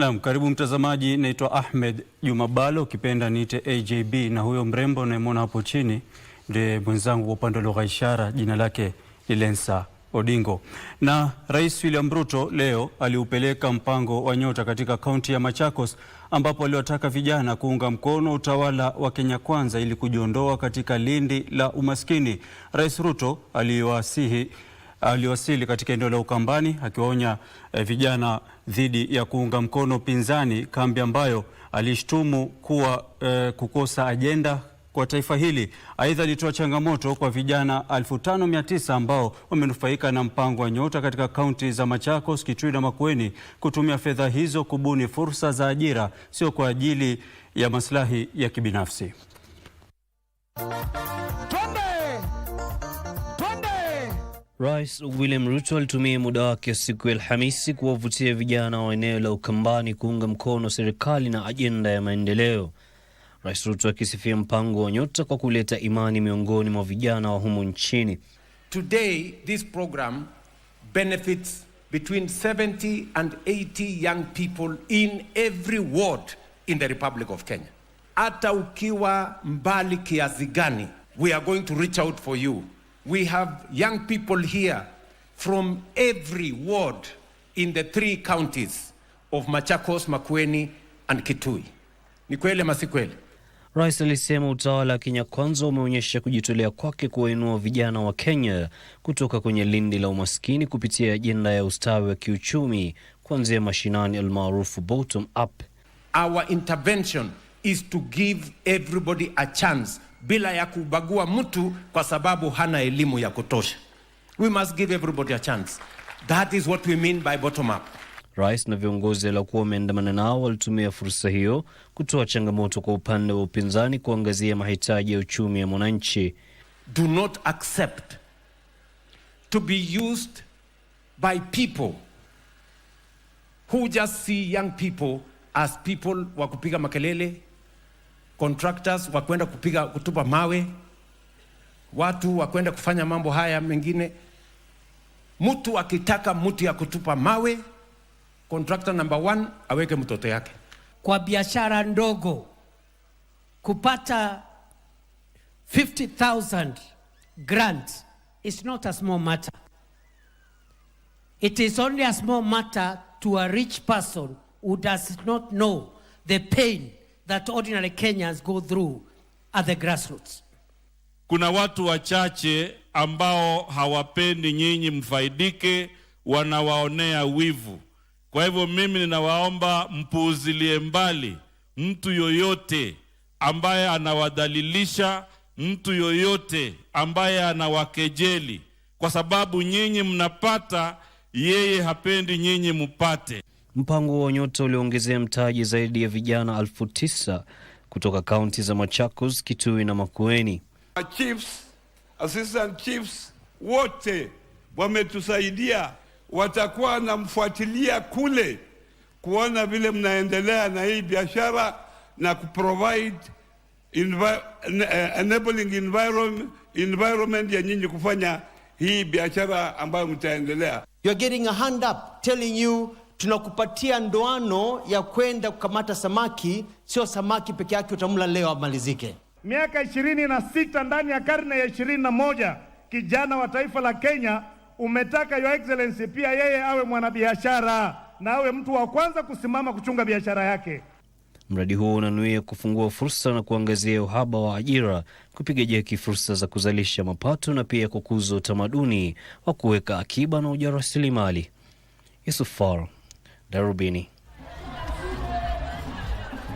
Naam, karibu mtazamaji, naitwa Ahmed Juma Balo, ukipenda niite AJB, na huyo mrembo unayemwona hapo chini ndiye mwenzangu kwa upande wa lugha ishara, jina lake ni Lensa Odingo. Na Rais William Ruto leo aliupeleka mpango wa nyota katika kaunti ya Machakos ambapo aliwataka vijana kuunga mkono utawala wa Kenya Kwanza ili kujiondoa katika lindi la umaskini. Rais Ruto aliwasihi aliwasili katika eneo la Ukambani akiwaonya eh, vijana dhidi ya kuunga mkono pinzani, kambi ambayo alishtumu kuwa eh, kukosa ajenda kwa taifa hili. Aidha, alitoa changamoto kwa vijana 5900 ambao wamenufaika na mpango wa Nyota katika kaunti za Machakos, Kitui na Makueni kutumia fedha hizo kubuni fursa za ajira, sio kwa ajili ya maslahi ya kibinafsi. Rais William Ruto alitumia muda wake siku ya Alhamisi kuwavutia vijana wa eneo la Ukambani kuunga mkono serikali na ajenda ya maendeleo. Rais Ruto akisifia mpango wa Nyota kwa kuleta imani miongoni mwa vijana wa humu nchini. Today this program benefits between 70 and 80 young people in every ward in the Republic of Kenya. Hata ukiwa mbali kiasi gani, we are going to reach out for you. We have young people here from every ward in the three counties of Machakos, Makueni and Kitui. Ni kweli ama si kweli? Rais alisema utawala wa Kenya Kwanza umeonyesha kujitolea kwake kuwainua vijana wa Kenya kutoka kwenye lindi la umaskini kupitia ajenda ya ustawi wa kiuchumi kuanzia mashinani almaarufu bottom up. Our intervention is to give everybody a chance bila ya kubagua mtu kwa sababu hana elimu ya kutosha. We must give everybody a chance. That is what we mean by bottom up. Rais na viongozi waliokuwa wameandamana nao walitumia fursa hiyo kutoa changamoto kwa upande wa upinzani kuangazia mahitaji ya uchumi ya mwananchi. Do not accept to be used by people who just see young people as people wa kupiga makelele contractors wa kwenda kupiga kutupa mawe, watu wa kwenda kufanya mambo haya mengine. Mtu akitaka mtu ya kutupa mawe, contractor number one aweke mtoto yake kwa biashara ndogo kupata 50,000 grant is not a small matter. It is only a small matter to a rich person who does not know the pain that ordinary Kenyans go through at the grassroots. Kuna watu wachache ambao hawapendi nyinyi mfaidike, wanawaonea wivu. Kwa hivyo mimi ninawaomba mpuuzilie mbali mtu yoyote ambaye anawadhalilisha, mtu yoyote ambaye anawakejeli, kwa sababu nyinyi mnapata, yeye hapendi nyinyi mupate. Mpango wa Nyota ulioongezea mtaji zaidi ya vijana elfu tisa kutoka kaunti za Machakos, Kitui na Makueni. Chiefs, assistant chiefs wote wametusaidia, watakuwa wanamfuatilia kule kuona vile mnaendelea na hii biashara na kuprovide envi eh, enabling environment, environment ya nyinyi kufanya hii biashara ambayo mtaendelea. You are getting a hand up telling you tunakupatia ndoano ya kwenda kukamata samaki. Sio samaki peke yake utamla leo amalizike. Miaka ishirini na sita ndani ya karne ya ishirini na moja kijana wa taifa la Kenya umetaka Your Excellency pia yeye awe mwanabiashara na awe mtu wa kwanza kusimama kuchunga biashara yake. Mradi huo unanuia kufungua fursa na kuangazia uhaba wa ajira, kupiga jeki fursa za kuzalisha mapato na pia kukuza utamaduni wa kuweka akiba na ujarasilimali Yusuf Faru, There will be any.